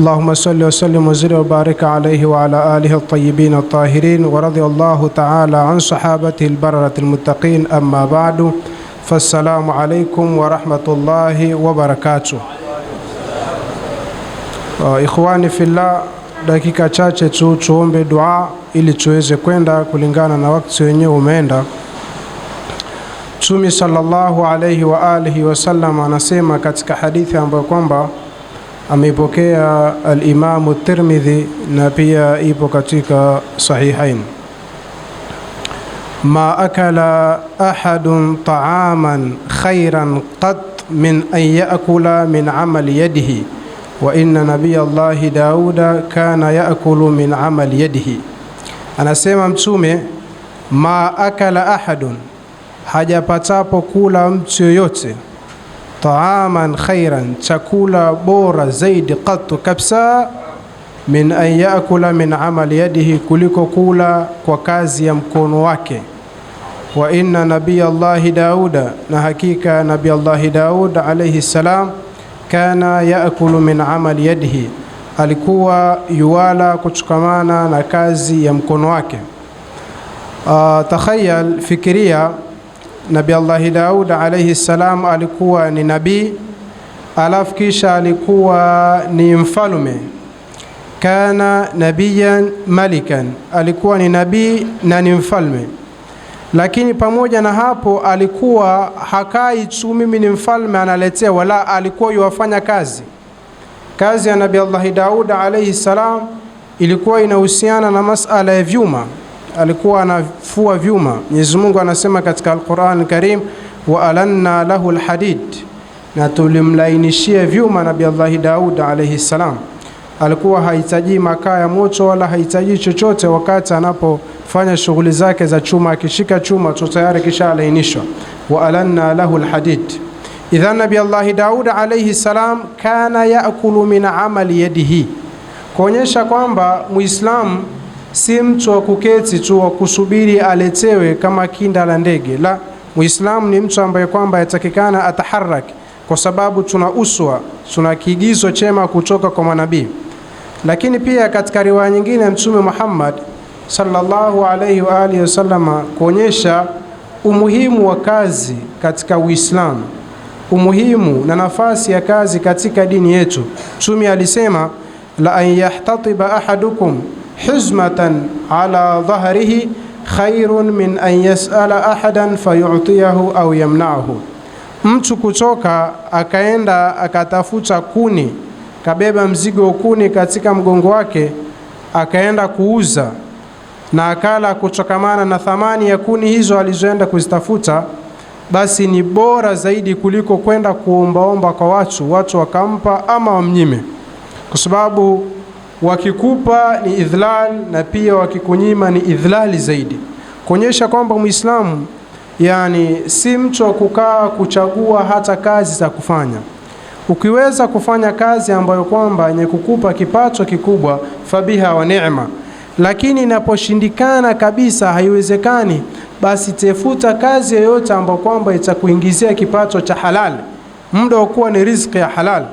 Allahumma salli wa sallim wazidi wa barik alayhi wa ala alihi at-tayyibin at-tahirin wa radhiya Allahu ta'ala an sahabatihi al-bararati al-muttaqin amma ba'du fassalamu alaykum wa rahmatullahi wa barakatuh. Uh, ikhwani fillah, dakika chache tu tuombe dua ili tuweze kwenda kulingana na wakati wenyewe umeenda. Mtume sallallahu alayhi wa alihi wasallam anasema katika hadithi ambayo kwamba ameipokea alimamu Tirmidhi na pia ipo katika Sahihain. Ma akala ahadun taaman khairan qat min an yakula min amali yadihi wa inna nabiya Allahi Dauda kana yakulu min amali yadihi, anasema Mtume, ma akala ahadun, hajapatapo kula mtu yoyote taaman khairan, chakula bora zaidi qatu kabisa, min an yaakula min amali yadihi, kuliko kula kwa kazi ya mkono wake. Wa inna nabiya llahi Dauda, na hakika nabiya llahi Daud alayhi salam, kana yaakulu min amali yadihi, alikuwa yuwala kuchukamana na kazi ya mkono wake. Uh, takhayal, fikiria Nabi Allahi Daud alayhi salam alikuwa ni nabii, alafu kisha alikuwa ni mfalume. Kana nabiyan malikan, alikuwa ni nabii na ni mfalme. Lakini pamoja na hapo alikuwa hakai tu mimi ni mfalme analetea, wala alikuwa yuwafanya kazi. Kazi ya Nabi Allahi Daud alayhi salam ilikuwa inahusiana na masala ya vyuma alikuwa anafua vyuma. Mwenyezi Mungu anasema katika Al-Qur'an Karim, wa alanna lahu lhadid na tulimlainishia vyuma Nabii Allah Daud alayhi salam. Alikuwa hahitaji makaa ya moto wala hahitaji chochote wakati anapofanya shughuli zake za chuma, akishika chuma tu tayari kisha alainishwa. wa alanna lahu alhadid. Idhan Nabi Allah Daud alayhi salam kana yaakulu min amali yadihi, kuonyesha kwamba Muislamu si mtu wa kuketi tu wa kusubiri aletewe kama kinda la ndege. La, Muislamu ni mtu ambaye kwamba yatakikana ataharak, kwa sababu tuna uswa, tuna kiigizo chema kutoka kwa manabii. Lakini pia katika riwaya nyingine ya Mtume Muhammad sallallahu alayhi wa alihi wasallam kuonyesha umuhimu wa kazi katika Uislamu, umuhimu na nafasi ya kazi katika dini yetu. Mtume alisema la an yahtatiba ahadukum hizmatan ala dhahrihi khairun min an yasala ahadan fayutiyahu au yamnaahu, mtu kutoka akaenda akatafuta kuni kabeba mzigo kuni katika mgongo wake akaenda kuuza na akala kutokamana na thamani ya kuni hizo alizoenda kuzitafuta, basi ni bora zaidi kuliko kwenda kuombaomba kwa watu, watu wakampa ama wamnyime, kwa sababu wakikupa ni idhlal na pia wakikunyima ni idhlali zaidi, kuonyesha kwamba Muislamu yani si mtu wa kukaa kuchagua hata kazi za kufanya. Ukiweza kufanya kazi ambayo kwamba yenye kukupa kipato kikubwa, fabiha wa neema, lakini inaposhindikana kabisa, haiwezekani, basi tafuta kazi yoyote ambayo kwamba itakuingizia kipato cha halal, muda wa kuwa ni riziki ya halal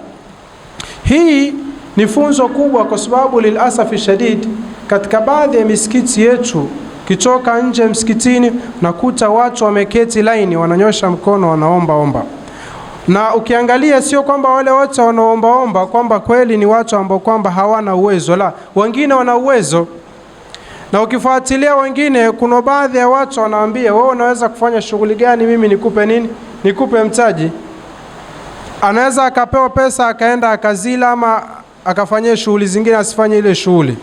hii ni funzo kubwa, kwa sababu lilasafi shadid, katika baadhi ya misikiti yetu kitoka nje msikitini nakuta watu wameketi laini, wananyosha mkono, wanaombaomba na ukiangalia sio kwamba wale wote wanaombaomba kwamba kweli ni watu ambao kwamba hawana uwezo, la wengine wana uwezo. Na ukifuatilia wengine, kuna baadhi ya watu wanaambia wewe, unaweza kufanya shughuli gani? Mimi nikupe nini? Nikupe mtaji. Anaweza akapewa pesa akaenda akazila ama akafanyia shughuli zingine, asifanye ile shughuli.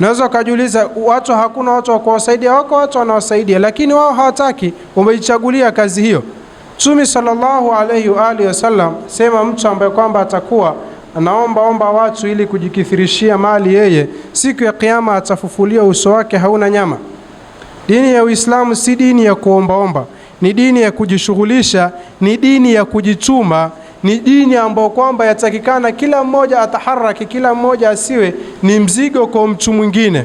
Naweza ukajiuliza, watu hakuna watu wa kuwasaidia? Wako watu wanawasaidia, lakini wao hawataki, wamejichagulia kazi hiyo. Mtume sallallahu alayhi wa alihi wasallam sema, mtu ambaye kwamba atakuwa anaomba omba watu ili kujikithirishia mali, yeye siku ya Kiyama atafufulia uso wake hauna nyama. Dini ya Uislamu si dini ya kuombaomba, ni dini ya kujishughulisha, ni dini ya kujituma ni dini ambayo kwamba yatakikana kila mmoja ataharaki, kila mmoja asiwe ni mzigo kwa mtu mwingine.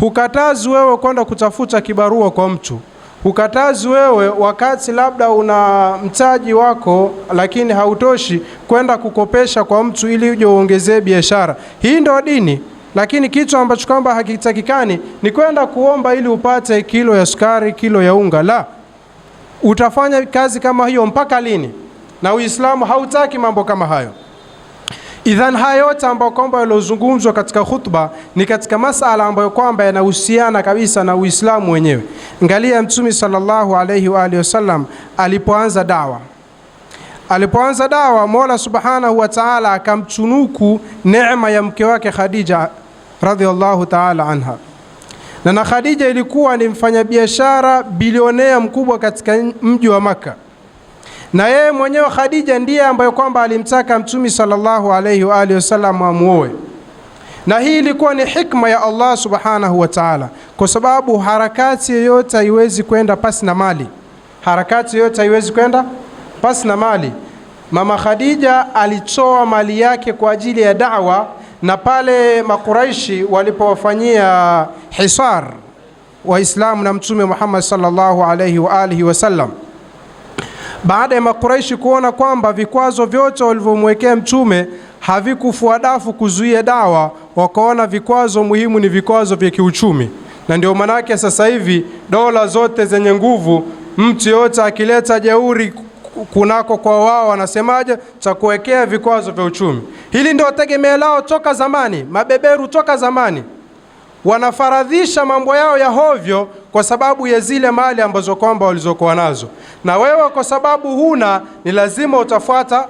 Hukatazi wewe kwenda kutafuta kibarua kwa mtu, hukatazi wewe wakati labda una mtaji wako lakini hautoshi kwenda kukopesha kwa mtu ili uje uongezee biashara. Hii ndio dini. Lakini kitu ambacho kwamba hakitakikani ni kwenda kuomba ili upate kilo ya sukari, kilo ya unga. La, utafanya kazi kama hiyo mpaka lini? na Uislamu hautaki mambo kama hayo. Idhan, haya yote ambayo kwamba yaliozungumzwa katika khutba ni katika masala ambayo kwamba yanahusiana kabisa na Uislamu wenyewe. Angalia Mtume sallallahu alayhi wa alihi wasallam alipoanza dawa, alipoanza dawa, Mola subhanahu wa taala akamchunuku neema ya mke wake Khadija radhiallahu taala anha, na na Khadija ilikuwa ni mfanyabiashara bilionea mkubwa katika mji wa Makka na yeye mwenyewe Khadija ndiye ambayo kwamba alimtaka Mtume sallallahu alayhi wa alihi wasallam amuoe, na hii ilikuwa ni hikma ya Allah subhanahu wa ta'ala, kwa sababu harakati yoyote haiwezi kwenda pasi na mali. Harakati yoyote haiwezi kwenda pasi na mali. Mama Khadija alitoa mali yake kwa ajili ya dawa, na pale Makuraishi walipowafanyia hisar Waislamu na Mtume Muhammad sallallahu alayhi wa alihi wasallam baada ya Makuraishi kuona kwamba vikwazo vyote walivyomwekea mtume havikufua dafu kuzuia dawa, wakaona vikwazo muhimu ni vikwazo vya kiuchumi, na ndio maanake sasa hivi dola zote zenye nguvu, mtu yote akileta jeuri kunako kwa wao wanasemaje, cha kuwekea vikwazo vya uchumi. Hili ndio tegemeo lao toka zamani, mabeberu toka zamani wanafaradhisha mambo yao ya hovyo kwa sababu ya zile mali ambazo kwamba walizokuwa nazo, na wewe kwa sababu huna, ni lazima utafuata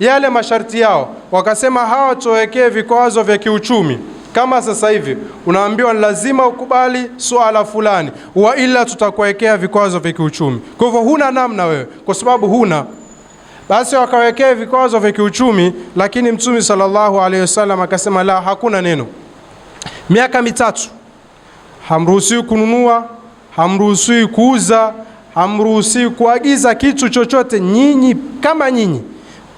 yale masharti yao. Wakasema hawa tuwekee vikwazo vya kiuchumi. Kama sasa hivi unaambiwa ni lazima ukubali suala fulani, wa ila tutakuwekea vikwazo vya kiuchumi. Kwa hivyo huna namna wewe, kwa sababu huna basi wakawekea vikwazo vya kiuchumi, lakini Mtume sallallahu alaihi wasallam akasema la, hakuna neno miaka mitatu, hamruhusiwi kununua, hamruhusiwi kuuza, hamruhusiwi kuagiza kitu chochote. Nyinyi kama nyinyi,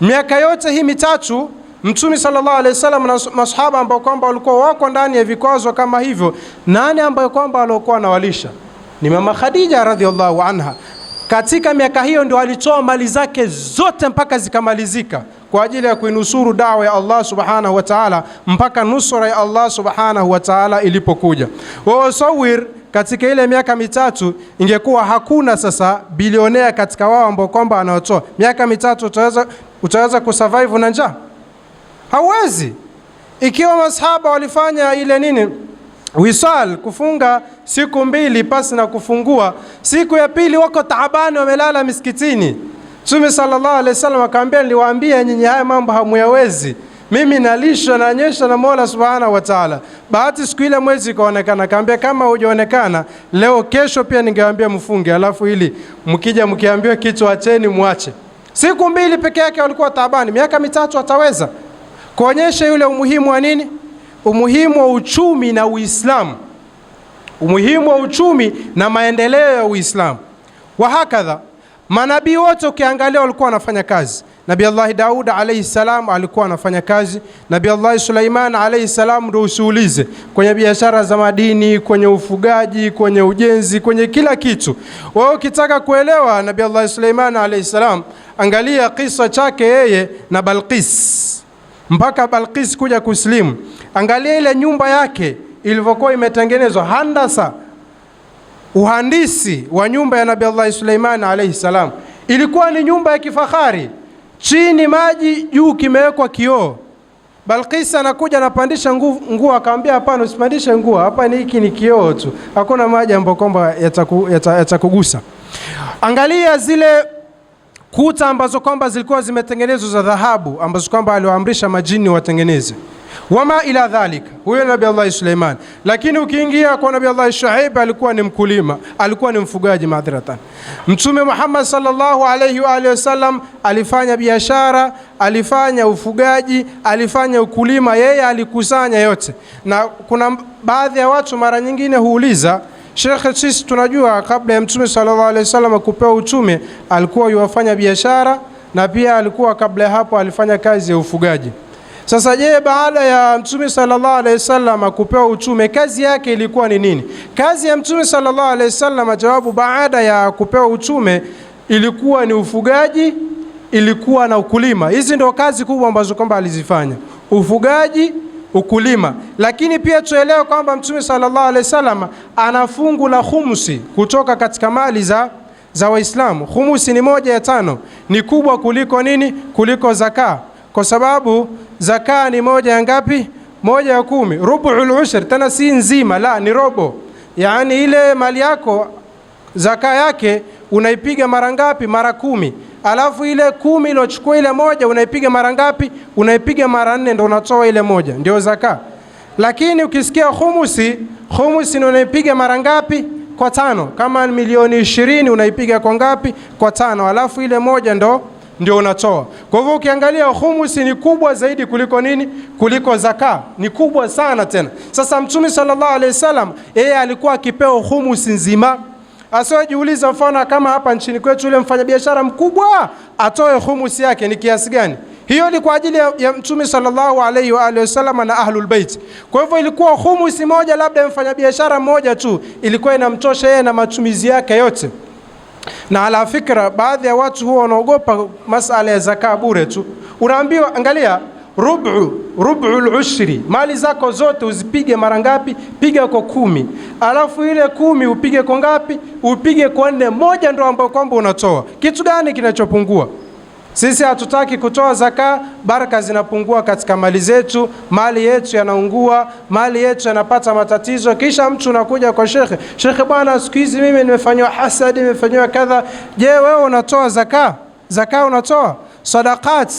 miaka yote hii mitatu Mtume sallallahu alaihi wasallam na masahaba ambao kwamba walikuwa wako ndani ya vikwazo kama hivyo, nani ambayo kwamba aliokuwa anawalisha ni mama Khadija radhiallahu anha. Katika miaka hiyo ndio alitoa mali zake zote mpaka zikamalizika kwa ajili ya kuinusuru dawa ya Allah subhanahu wa ta'ala mpaka nusra ya Allah subhanahu wa ta'ala ilipokuja. Wasawir katika ile miaka mitatu ingekuwa hakuna sasa bilionea katika wao ambao kwamba anaotoa miaka mitatu, utaweza, utaweza kusurvive na njaa? Hawezi. Ikiwa masahaba walifanya ile nini wisal kufunga siku mbili pasi na kufungua, siku ya pili wako taabani, wamelala misikitini Mtume sallallahu alaihi wasallam akamwambia, niliwaambia nyinyi haya mambo hamuyawezi, mimi nalishwa nanyesha na Mola subhanahu wa taala. Bahati siku ile mwezi ikaonekana, akaambia kama hujaonekana leo, kesho pia ningewaambia mfunge, alafu ili mkija mkiambiwa kitu acheni, mwache. Siku mbili peke yake walikuwa taabani, miaka mitatu ataweza kuonyesha yule umuhimu wa nini? Umuhimu wa uchumi na Uislamu, umuhimu wa uchumi na maendeleo ya Uislamu hakadha Manabii wote ukiangalia walikuwa wanafanya kazi. nabi Allah Daud alayhi salam alikuwa anafanya kazi. nabi Allah Sulaiman alayhi salam, ndo usiulize, kwenye biashara za madini, kwenye ufugaji, kwenye ujenzi, kwenye kila kitu. wao ukitaka kuelewa nabi Allah Sulaiman alayhi salam, angalia kisa chake yeye na Balqis, mpaka Balqis kuja kuslimu. Angalia ile nyumba yake ilivyokuwa imetengenezwa handasa uhandisi wa nyumba ya Nabii Allah Suleimani alayhi salam ilikuwa ni nyumba ya kifahari, chini maji, juu kimewekwa kioo. Balkisi anakuja anapandisha nguo, akamwambia hapana, usipandishe nguo hapa, ni hiki ni kioo tu, hakuna maji ambayo kwamba yatakugusa. Angalia zile kuta ambazo kwamba zilikuwa zimetengenezwa za dhahabu, ambazo kwamba aliwaamrisha majini watengeneze wama ila dhalika, huyo nabi Allahi Suleiman. Lakini ukiingia kwa nabi Allahi Shuaib, alikuwa ni mkulima, alikuwa ni mfugaji madharatan. Mtume Muhammad sallallahu alayhi wa alihi wasallam alifanya biashara, alifanya ufugaji, alifanya ukulima, yeye alikusanya yote. Na kuna baadhi ya watu mara nyingine huuliza Shekhe, sisi tunajua kabla ya mtume sallallahu alaihi wasallam kupewa utume alikuwa yuwafanya biashara na pia alikuwa kabla ya hapo alifanya kazi ya ufugaji. Sasa je, baada ya Mtume sallallahu alaihi wasallam kupewa utume kazi yake ilikuwa ni nini? Kazi ya Mtume sallallahu alaihi wasallam, jawabu, baada ya kupewa utume ilikuwa ni ufugaji, ilikuwa na ukulima. Hizi ndio kazi kubwa ambazo kwamba alizifanya, ufugaji ukulima lakini pia tuelewe kwamba Mtume sallallahu alaihi wasallam ana fungu la khumusi kutoka katika mali za, za Waislamu. Khumusi ni moja ya tano, ni kubwa kuliko nini? Kuliko zakaa kwa sababu zaka ni moja ya ngapi? Moja ya kumi, rubul ushr. Tena si nzima, la ni robo. Yaani ile mali yako zaka yake unaipiga mara ngapi? Mara kumi. Alafu ile kumi iliochukua ile moja unaipiga mara ngapi? Unaipiga mara nne, ndo unatoa ile moja, ndio zaka. Lakini ukisikia khumusi, khumusi ndio unaipiga mara ngapi? Kwa tano. Kama milioni ishirini unaipiga kwa ngapi? Kwa tano. Alafu ile moja ndo ndio unatoa. Kwa hivyo ukiangalia humusi ni kubwa zaidi kuliko nini? Kuliko zaka, ni kubwa sana tena. Sasa Mtume sallallahu alaihi wasallam yeye alikuwa akipewa humusi nzima, asiojiuliza mfano kama hapa nchini kwetu yule mfanyabiashara mkubwa atoe humusi yake ni kiasi gani. Hiyo ni kwa ajili ya Mtume sallallahu alaihi wa alihi wasallam na ahlul bait. Kwa hivyo ilikuwa humusi moja, labda mfanyabiashara mmoja tu, ilikuwa inamtosha yeye na matumizi yake yote. Na ala fikra, baadhi ya watu huwa wanaogopa masala ya zakaa bure tu. Unaambiwa angalia, rubu rubu ushri, mali zako zote uzipige mara ngapi? Piga kwa kumi, alafu ile kumi upige kwa ngapi? Upige kwa nne. Moja ndo ambayo kwamba unatoa. Kitu gani kinachopungua? Sisi hatutaki kutoa zaka, baraka zinapungua katika mali zetu, mali yetu yanaungua, mali yetu yanapata matatizo. Kisha mtu unakuja kwa shekhe, shekhe, bwana, siku hizi mimi nimefanywa hasadi, nimefanywa kadha. Je, wewe unatoa zaka? Zaka unatoa sadaqat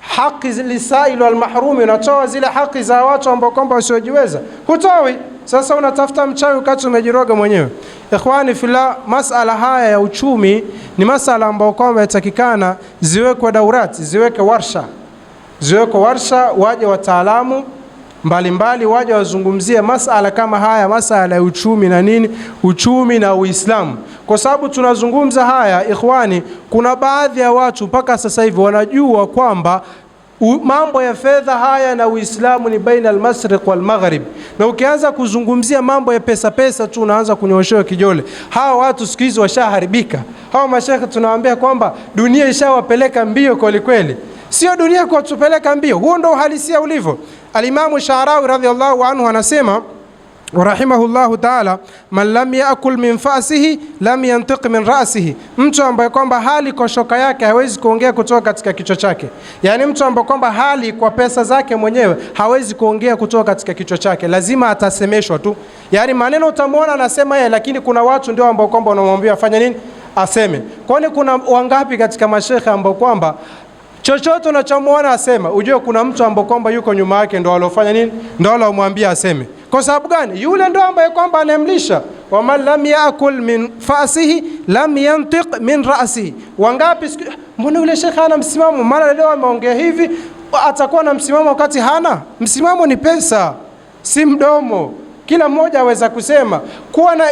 haki lisaili walmahrumi, unatoa zile haki za watu ambao kwamba wasiojiweza? Hutowi. Sasa unatafuta mchawi wakati umejiroga mwenyewe. Ikhwani fila, masala haya ya uchumi ni masala ambayo kwamba yatakikana ziwekwe daurati, ziweke warsha, ziwekwe warsha, waje wataalamu mbalimbali waje wazungumzie masala kama haya, masala ya uchumi na nini, uchumi na Uislamu, kwa sababu tunazungumza haya ikhwani, kuna baadhi ya watu mpaka sasa hivi wanajua kwamba mambo ya fedha haya na Uislamu ni baina almasriq walmaghrib. Na ukianza kuzungumzia mambo ya pesa pesa tu unaanza kunyooshewa kijole. Hawa watu siku hizi washaharibika. Hawa mashekhe tunawaambia kwamba dunia ishawapeleka mbio kwelikweli kweli, sio dunia kwa tupeleka mbio. Huo ndio uhalisia ulivyo. Alimamu Sharawi radhiallahu anhu anasema wa rahimahullahu taala, man lam yakul min fasihi lam yantiq min rasihi, mtu ambaye kwamba hali kwa shoka yake hawezi kuongea kutoka katika kichwa chake. Yani mtu ambaye kwamba hali kwa pesa zake mwenyewe hawezi kuongea kutoka katika kichwa chake, lazima atasemeshwa tu. Yani maneno utamwona anasema yeye, lakini kuna watu ndio ambao kwamba wanamwambia afanye nini, aseme. Kwani kuna wangapi katika mashekhe ambao kwamba chochote unachomwona asema, ujue kuna mtu ambao kwamba yuko nyuma yake ndo alofanya nini, ndo alomwambia aseme kwa sababu gani? Yule ndo ambaye kwamba anayemlisha, waman lam yaakul min fasihi lam yantiq min rasihi. Wangapi mbona yule shekhe hana msimamo? Mara leo ameongea hivi, atakuwa na msimamo wakati hana msimamo. Ni pesa, si mdomo. Kila mmoja aweza kusema. Kuwa na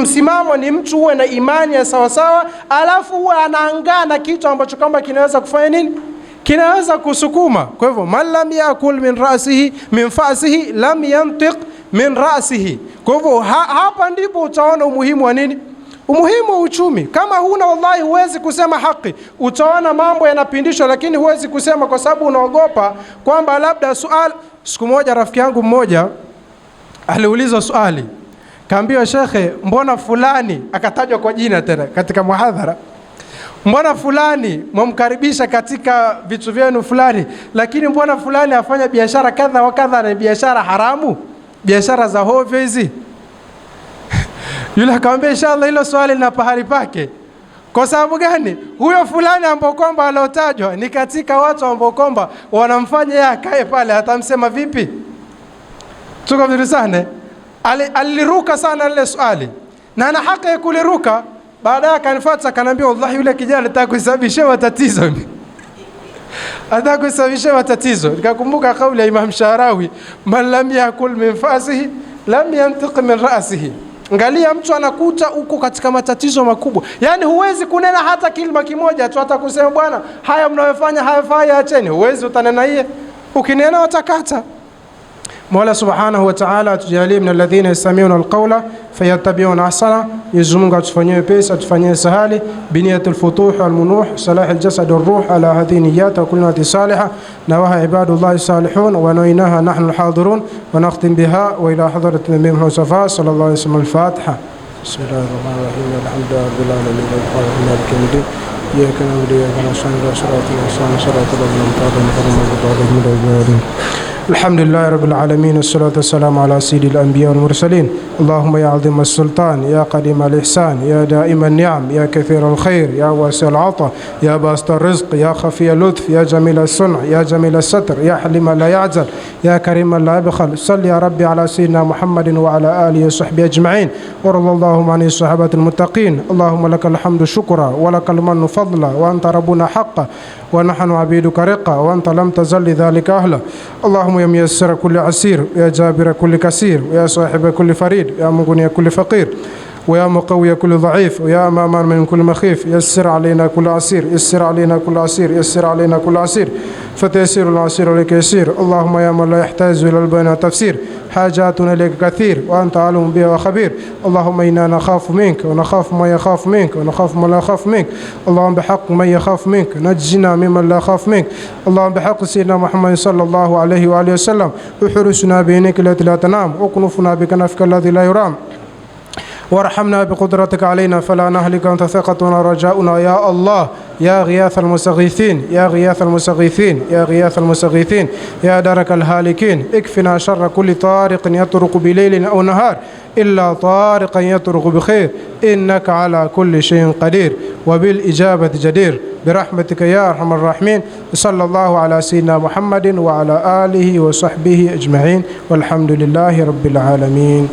msimamo ni mtu uwe na imani ya sawasawa, alafu huwe anaangaa na kitu ambacho kwamba kinaweza kufanya nini kinaweza kusukuma. Kwa hivyo man lam yaakul min rasihi min fasihi lam yantiq min rasihi. Kwa hivyo ha, hapa ndipo utaona umuhimu wa nini? Umuhimu wa uchumi. Kama huna wallahi, huwezi kusema haki. Utaona mambo yanapindishwa, lakini huwezi kusema kwa sababu unaogopa kwamba labda suala. Siku moja rafiki yangu mmoja aliulizwa swali, kaambiwa shekhe, mbona fulani akatajwa kwa jina tena katika muhadhara mbona fulani mwamkaribisha katika vitu vyenu fulani, lakini mbona fulani afanya biashara kadha wa kadha na biashara haramu biashara za hovyo hizi? Yule akamwambia inshallah, hilo swali lina pahali pake. Kwa sababu gani? Huyo fulani ambao kwamba aliotajwa ni katika watu ambao kwamba wanamfanya yeye akae pale, atamsema vipi? Tuko vizuri sana. Aliruka sana lile swali na ana haki ya kuliruka. Baadaye akanifuata akaniambia, wallahi yule kijana alitaka kuisababisha matatizo hata kusababisha matatizo. Nikakumbuka kauli ya Imam Sharawi, man lam yakul min fasihi lam yantiq min rasihi. ngalia mtu anakuta uko katika matatizo makubwa, yaani huwezi kunena hata kilima kimoja tu, hata kusema bwana, haya mnayofanya hayafai, acheni, huwezi. Utanena iye, ukinena watakata. مولا سبحانه وتعالى تجعلي من الذين يستمعون القول فيتبعون يزمون يزمونك تفنيه بيس تفنيه سهالي بنية الفتوح والمنوح صلاح الجسد والروح على هذه نيات وكل صالحة نواها عباد الله الصالحون ونويناها نحن الحاضرون ونختم بها وإلى حضرة النبي المصطفى صلى الله عليه وسلم الفاتحة بسم الله الرحمن الرحيم الحمد لله رب العالمين الحمد إياك نعبد وإياك نستعين اهدنا الصراط المستقيم صراط الذين أنعمت عليهم غير المغضوب عليهم ولا الضالين الحمد لله رب العالمين والصلاة والسلام على سيد الأنبياء والمرسلين اللهم يا عظيم السلطان يا قديم الإحسان يا دائم النعم يا كثير الخير يا واسع العطاء يا باسط الرزق يا خفي اللطف يا جميل الصنع يا جميل الستر يا حليم لا يعزل يا كريم لا يبخل صل يا ربي على سيدنا محمد وعلى آله وصحبه أجمعين ورضى اللهم عن الصحابة المتقين اللهم لك الحمد شكرا ولك المن فضلا وأنت ربنا حقا ونحن عبيدك رقا وأنت لم تزل لذلك أهلا اللهم اللهم يا ميسر كل عسير يا جابر كل كسير يا صاحب كل فريد يا مغني كل فقير ويا مقوي كل ضعيف ويا مامان من كل مخيف يسر علينا كل عسير يسر علينا كل عسير يسر علينا كل عسير فتيسير العسير لك يسير اللهم يا من لا يحتاج إلى البين تفسير حاجاتنا لك كثير وأنت عالم بها وخبير اللهم إنا نخاف منك ونخاف ما يخاف منك ونخاف ما لا يخاف منك اللهم بحق من يخاف منك نجنا ممن لا يخاف منك اللهم بحق سيدنا محمد صلى الله عليه وآله وسلم احرسنا بينك التي لا تنام وكنفنا بكنفك الذي لا يرام وارحمنا بقدرتك علينا فلا نهلك أنت ثقتنا رجاؤنا يا الله يا غياث المستغيثين يا غياث المستغيثين يا غياث المستغيثين يا درك الهالكين اكفنا شر كل طارق يطرق بليل أو نهار إلا طارقا يطرق بخير إنك على كل شيء قدير وبالإجابة جدير برحمتك يا أرحم الراحمين صلى الله على سيدنا محمد وعلى آله وصحبه أجمعين والحمد لله رب العالمين